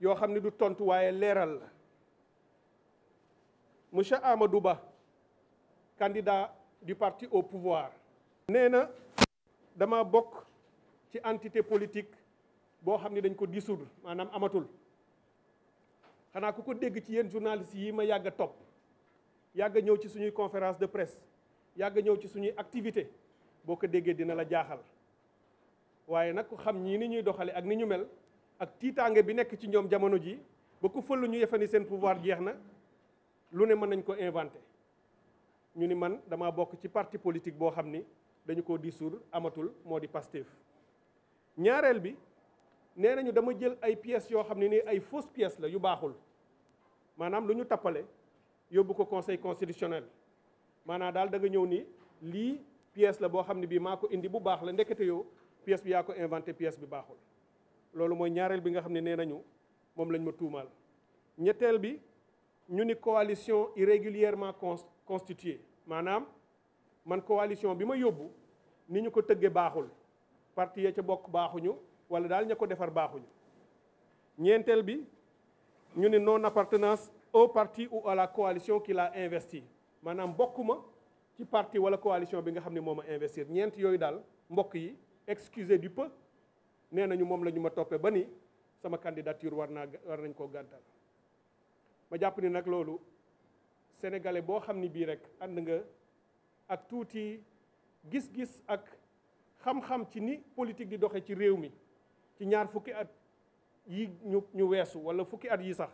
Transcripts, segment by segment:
yoo xam ne du tontu waaye leeral la monsieur Amadou Ba candidat du parti au pouvoir nee na dama bokk ci entité politique boo xam ne dañ ko dissoudre maanaam amatul xanaa ku ko dégg ci yéen journalistes yi ma yàgg a topp yàgg ñëw ci suñuy conférence de presse yàgg ñëw ci suñuy activité boo ko déggee dina la jaaxal waaye nag ku xam ñii ni ñuy doxale ak ni ñu mel ak tiitaange bi nekk ci ñoom jamono ji ba ku fël ñu yefani seen pouvoir jeex na lu ne mën nañ ko inventé ñu ni man dama bokk ci parti politique boo xam ni dañu ko dissoudre amatul moo di Pastef ñaareel bi nee nañu dama jël ay pièces yoo xam ne ni ay fausses pièces la yu baaxul maanaam lu ñu tappale yóbbu ko conseil constitutionnel maanaam daal da ñëw ni lii pièce la boo xam ne bii maa ko indi bu baax la ndekete yoo pièce bi yaa ko inventé pièce bi baaxul loolu mooy ñaareel bi nga xam ne nee nañu moom lañ ma tuumaal ñetteel bi ñu ni coalition irrégulièrement constituée maanaam man coalition bi ma yóbbu ni ñu ko tëggee baaxul partie ya ca bokk baaxuñu wala daal ña ko defar baaxuñu ñeenteel bi ñu ne non appartenance au partie ou à la coalition qui l'a investi maanaam bokkuma ci parti wala coalition bi nga xam ne moo a investir ñeent yooyu daal mbokk yi excusez du peu nee nañu moom la ñu ma toppee ba ni sama candidature war naa war nañ koo gàntal ma jàpp ni nag loolu sénégalais boo xam ni bii rek ànd nga ak tuuti gis-gis ak xam-xam ci ni politique di doxee ci réew mi ci ñaar fukki at yi ñu ñu weesu wala fukki at yi sax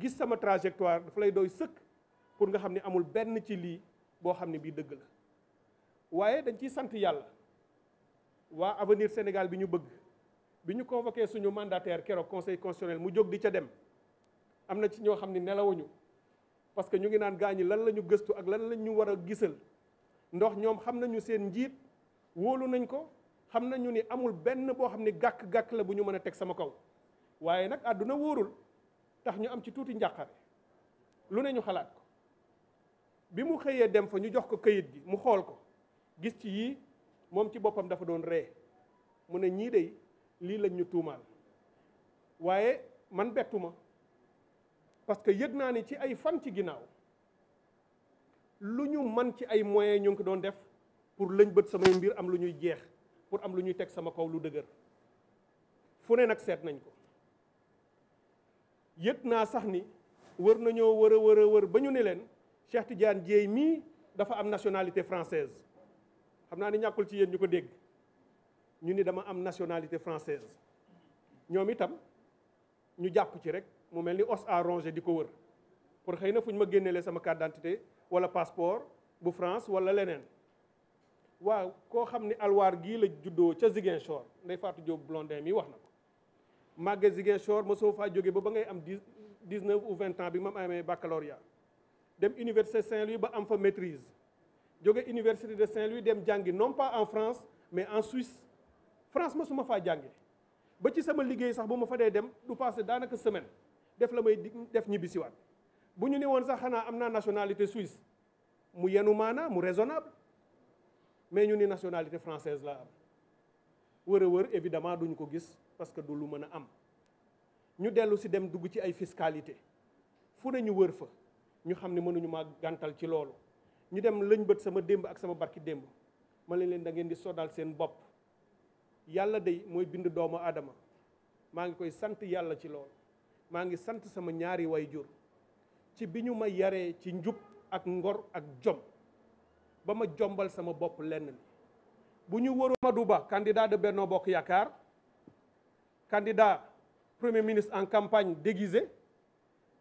gis sama trajectoire dafa lay doy sëkk pour nga xam ni amul benn ci lii boo xam ne bii dëgg la waaye dañ ciy sant yàlla waa avenir Sénégal bi ñu bëgg bi ñu convoqué suñu mandataire keroog conseil constitutionnel mu jóg di ca dem am na ci ñoo xam ne nelawuñu parce que ñu ngi naan gaañi lan la ñu gëstu ak lan la ñu war a gisal ndox ñoom xam nañu seen njiit wóolu nañ ko xam nañu ni amul benn boo xam ne gàkk-gàkk la bu ñu mën a teg sama kaw waaye nag àdduna wóorul tax ñu am ci tuuti njàqare lu ne ñu xalaat ko bi mu xëyee dem fa ñu jox ko kayit gi mu xool ko gis ci yii moom ci boppam dafa doon ree mu ne ñii de lii lañ ñu tuumaal waaye man bettuma parce que yëg naa ni ci ay fan ci ginnaaw lu ñu man ci ay moyens ñoo ngi ko doon def pour lëñ bët samay mbir am lu ñuy jeex pour am lu ñuy teg sama kaw lu dëgër fu ne nag seet nañ ko yëg naa sax ni wër nañoo wër a wër a wër ba ñu ne leen Cheikh Tidiane Dieye mii dafa am nationalité francaise xam naa ni ñàkkul ci yéen ñu ko dégg ñu ni dama am nationalité francaise ñoom itam ñu jàpp ci rek mu mel ni os à ronger di ko wër pour xëy na fu ñu ma génnelee sama carte d'identité wala passeport bu France wala leneen waaw koo xam ni alwaar gii la juddoo ca Ziguinchor nday Fatou Diop Blondin mi wax na ko màgge Ziguinchor soo faa jóge ba ba ngay am dix dix-neuf ou vingt ans bi ma amee baccalauréat dem université Saint-Louis ba am fa maîtrise jóge université de Saint-Louis dem jàngi non pas en France mais en Suisse France ma su ma faa jàngi ba ci sama liggéey sax bu ma fa dee dem du passé daanaka semaine def la may def ñibbisiwaat bu ñu nee woon sax xanaa am naa nationalité suisse mu yenu maanaa mu raisonnable mais ñu ni nationalité française laa am wër a wër évidemment duñu ko gis parce que du lu mën a am ñu dellu si dem dugg ci ay fiscalité fu ne ñu wër fa ñu xam ne mënuñu ma gàntal ci loolu ñu dem lañ sama démb ak sama barki démb ma ne leen da ngeen di sodal seen bopp yàlla day mooy bind doomu aadama maa ngi koy sant yàlla ci loolu maa ngi sant sama ñaari waajur ci bi ñu ma yaree ci njub ak ngor ak jom ba ma jombal sama bopp lenn li bu ñu wëru Amadou Ba candidat de Benno Bokk Yaakaar kandidaa premier ministre en campagne déguisé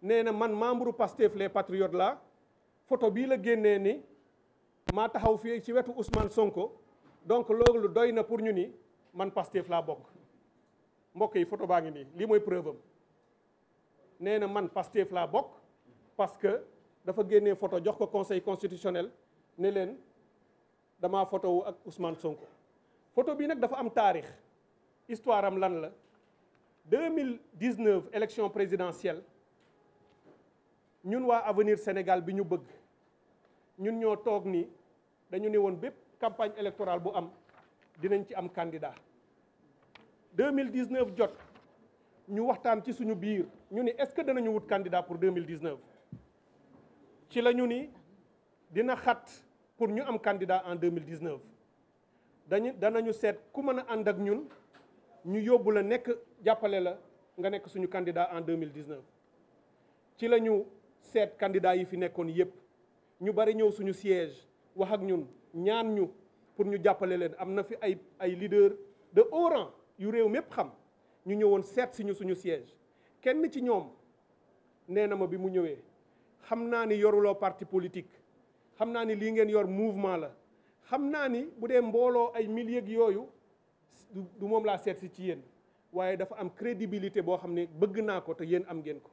nee na man membre Pastef les patriotes la photo bii la génnee ni maa taxaw fii ci wetu Ousmane Sonko donc loolu doy na pour ñu ni man Pastef laa bokk mbokk yi photo baa ngi nii lii mooy preuve am nee na man Pastef laa bokk parce que dafa génnee photo jox ko conseil constitutionnel ne leen dama photo wu ak Ousmane Sonko photo bii nag dafa am taarix histoire lan la 2019 élection présidentielle ñun waa avenir Sénégal bi ñu bëgg ñun ñoo toog ni dañu ne woon bépp campagne électorale bu am dinañ ci am candidat 2019 jot ñu waxtaan ci suñu biir ñu ni est-ce que danañu wut candidat pour 2019 ci la ñu ni dina xat pour ñu am candidat en 2019 dañu danañu seet ku mën a ànd ak ñun ñu yóbbu la nekk jàppale la nga nekk suñu candidat en 2019 ci la ñu seet candidat yi fi nekkoon yépp ñu bari ñëw suñu siège wax ak ñun ñaan ñu pour ñu jàppale leen am na fi ay ay leader de oran yu réew mépp xam ñu ñëwoon seet si ñu suñu siège kenn ci ñoom nee na ma bi mu ñëwee xam naa ni yoruloo parti politique xam naa ni lii ngeen yor mouvement la xam naa ni bu dee mbooloo ay milliers yooyu du moom laa seet si ci yéen waaye dafa am crédibilité boo xam ne bëgg naa ko te yéen am ngeen ko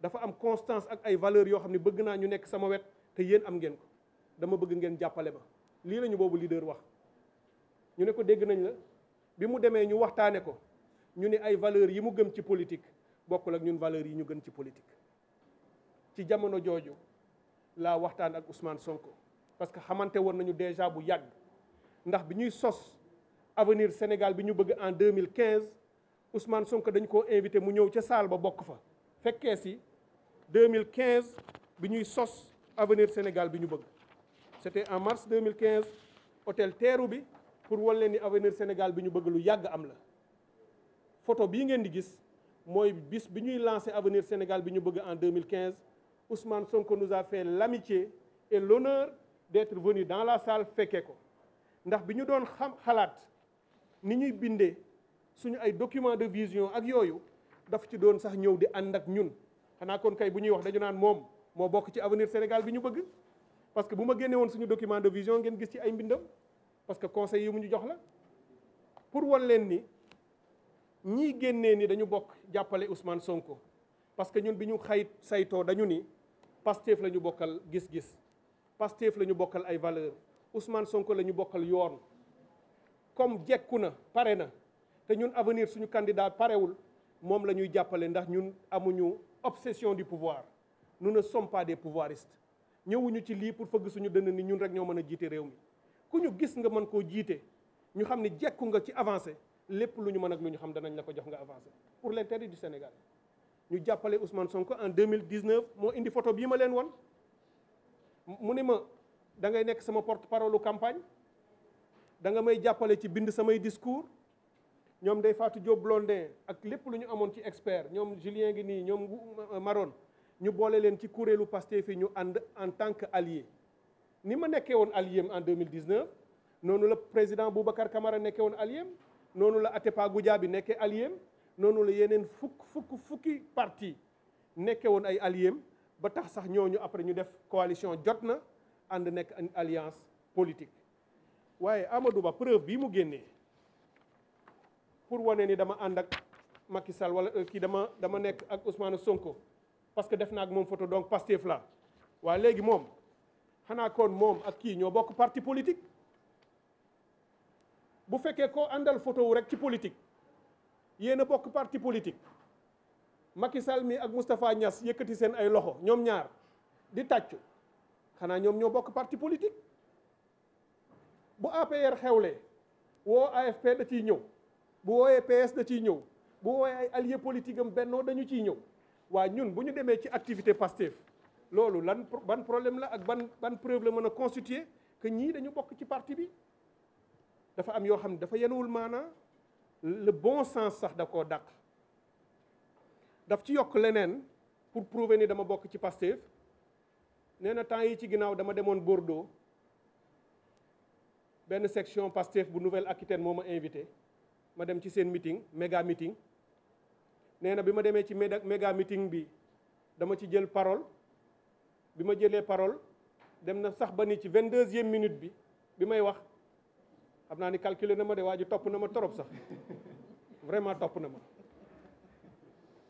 dafa am constance ak ay valeurs yoo xam ne bëgg naa ñu nekk sama wet te yéen am ngeen ko dama bëgg ngeen jàppale ma lii lañu ñu boobu leader wax ñu ne ko dégg nañ la bi mu demee ñu waxtaane ko ñu ni ay valeurs yi mu gëm ci politique bokkul ak ñun valeurs yi ñu gën ci politique ci jamono jooju laa waxtaan ak Ousmane Sonko parce que xamante woon nañu déjà bu yàgg ndax bi ñuy sos avenir Sénégal bi ñu bëgg en 2015 Ousmane Sonko dañ koo invité mu ñëw ca saal ba bokk fa fekkee si 2015 bi ñuy sos avenir Sénégal bi ñu bëgg c'était en mars 2015 hôtel teeru bi pour wan leen ni avenir senegal bi ñu bëgg lu yàgg am la photo bii ngeen di gis mooy bis bi ñuy lancé avenir senegal bi ñu bëgg en 2015 Ousmane Sonko nous a fait l'amitié et l'honneur d'être venu dans la salle fekkee ko ndax bi ñu doon xam xalaat ni ñuy bindee suñu ay documents de vision ak yooyu daf ci doon sax ñëw di ànd ak ñun xanaa kon kay bu ñuy wax dañu naan moom moo bokk ci avenir Sénégal bi ñu bëgg parce que bu ma génne suñu document de vision ngeen gis ci ay mbindam parce que conseil yi mu ñu jox la pour wan leen ni ñii génnee ni dañu bokk jàppale Ousmane Sonko parce que ñun bi ñu xay sayto dañu ni Pastef la ñu bokkal gis-gis Pastef la ñu bokkal ay valeur Ousmane Sonko la ñu bokkal yoon comme jekku na pare na te ñun avenir suñu candidat parewul moom la ñuy jàppale ndax ñun amuñu obsession du pouvoir nu ne sommes pas des ñëwuñu ci lii pour fëgg suñu dënn ni ñun rek ñoo mën a jiite réew mi ku ñu gis nga mën koo jiite ñu xam ne jekku nga ci avancé lépp lu ñu mën ak lu ñu xam danañ la ko jox nga avancé pour l'intérêt du Sénégal ñu jàppale Ousmane Sonko en 2019 moo indi photo bii ma leen won mu ne ma dangay nekk sama porte-parole campagne da nga may jàppale ci bind samay discours ñoom day Fatou Diop Blondin ak lépp lu ñu amoon ci expert ñoom Julien ngi nii ñoom Maron ñu boole leen ci kuréelu Pastef yi ñu ànd en tant que allié ni ma nekkee woon allié en 2019 noonu la président Boubacar Camara nekkee woon allié noonu la Atepa Goudiaby nekkee allié noonu la yeneen fukk fukk fukki parti nekkee woon ay allié ba tax sax ñooñu après ñu def coalition jot na ànd nekk alliance politique waaye Amadou Ba preuve bii mu génnee. pour wane ni dama ànd ak Macky Sall wala euh, kii dama dama nekk ak Ousmane Sonko parce que def naa ak moom photo donc Pastef la waa léegi moom xanaa kon moom ak kii ñoo bokk parti politique bu fekkee koo àndal photo wu rek ci politique yéen a bokk parti politique Macky Sall mi ak Moustapha Niass yëkkati seen ay loxo ñoom ñaar di tàccu xanaa ñoom ñoo bokk parti politique bu APR xewle woo AFP da ciy ñëw bu wooyee PS da ciy ñëw bu wooyee ay alliés politique am bennoo dañu ciy ñëw waa ñun bu ñu demee ci activité Pastef loolu lan ban problème la ak ban ban preuve la mën a constituer que ñii dañu bokk ci parti bi dafa am yoo xam ne dafa yenuwul maanaa le bon sens sax da koo dàq daf ci yokk leneen pour provenir dama bokk ci Pastef nee na temps yi ci ginnaaw dama demoon Bordeaux benn section Pastef bu Nouvelle-Aquitaine moo ma invité ma dem ci seen meeting méga meeting nee na bi ma demee ci méga meeting bi dama ci jël parole bi ma jëlee parole dem na sax ba ni ci vingt deuxième minute bi bi may wax xam naa ni calculer na ma de waa ji topp na ma trop sax vraiment topp na ma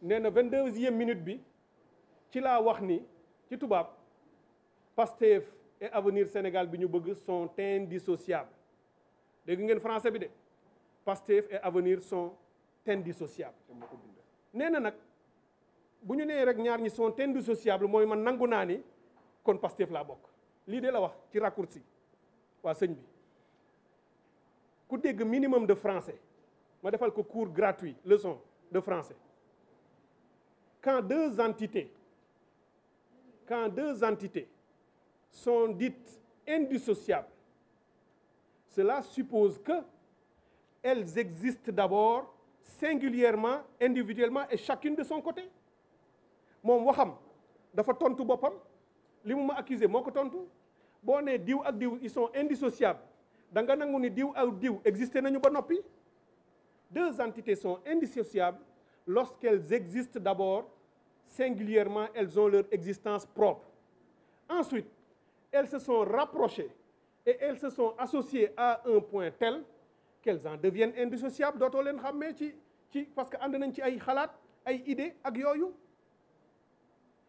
nee na vingt deuxième minute bi ci laa wax ni ci tubaab Pastef et avenir Sénégal bi ñu bëgg son sont indissociables dégg ngeen français bi de Pastef et Avenir sont indissociables nee na nag bu ñu nee rek ñaar ñi sont sociable mooy man nangu naa ni kon Pastef laa bokk lii de la wax ci raccourci waa sëñ bi ku dégg minimum de français ma defal ko cours gratuit leçon de français quand deux entités quand deux entités sont dites indissociables cela suppose que elles existent d'abord singulièrement individuellement et chacune de son côté moom waxam dafa tontu boppam li mu ma accusé moo ko tontu boo nee diw ak diw ils sont indissociables da nga nangu ni diw ak diw existé nañu ba noppi deux entités sont indissociables lorsqu'elles existent d'abord singulièrement elles ont leur existence propre ensuite elles se sont rapprochées et elles se sont associées à un point tel qu'elles en deviennent indissociables dootoo leen xam xàmmee ci ci parce que ànd nañ ci ay xalaat ay idées ak yooyu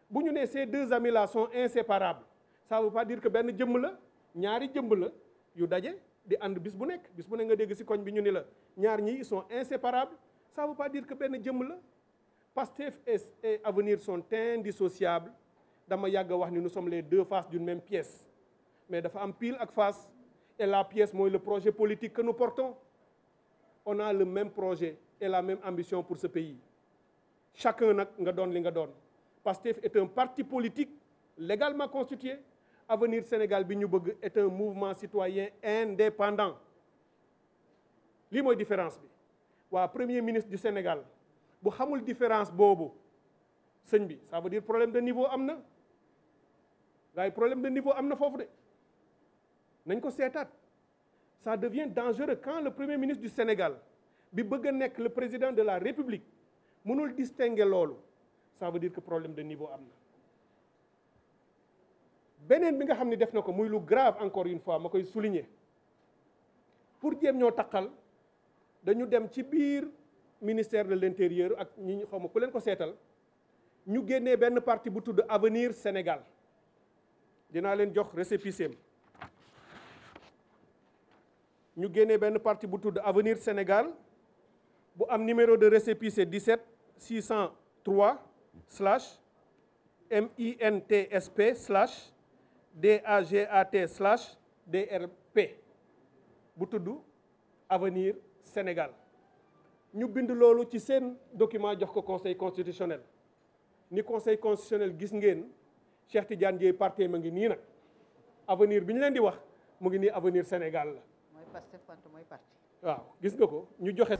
bu ñu nee ces deux amis là sont inséparables ça veut pas dire que benn jëmm la ñaari jëmm la yu daje di ànd bis bu nekk bis bu ne nga dégg si koñ bi ñu ni la ñaar ñi ils sont inséparables ça veut pas dire que benn jëmm la Pastef et Avenir sont indissociables dama yàgg a wax ni nu sommes les deux faces d'une même pièce mais dafa am pile ak face et la pièce mooy le projet politique que nous on a le même projet et la même ambition pour ce pays chacun nag nga doon li nga doon PASTEF est un parti politique légalement constitué avenir Sénégal bi ñu bëgg est un mouvement citoyen indépendant lii mooy différence bi waa premier ministre du Sénégal bu xamul différence boobu sëñ bi ça veut dire problème de niveau am na waaye problème de niveau am na foofu de nañ ko seetaat ça devient dangereux quand le premier ministre du Sénégal bi bëgg a nekk le président de la République mënul distinguer loolu ça veut dire que problème de niveau am na beneen bi nga xam ne def na ko muy lu grave encore une fois ma koy souligner pour jéem ñoo taqal dañu dem ci biir ministère de l'intérieur ak ñi ñu xaw ma ku leen ko seetal ñu génnee benn parti bu tudd avenir Sénégal dinaa leen jox récépissé ñu génne benn partie bu tudd Avenir senegal bu am numéro de récépissé 17 603 slash MINTSP slash DAGAT slash DRP bu tudd Avenir Sénégal ñu bind loolu ci seen document jox ko conseil constitutionnel ni conseil constitutionnel gis ngeen Cheikh Tidiane Dièye parti ma ngi nii nag avenir bi ñu leen di wax mu ngi nii avenir Sénégal Pastef wante mooy parti waaw gis nga ko ñu joxe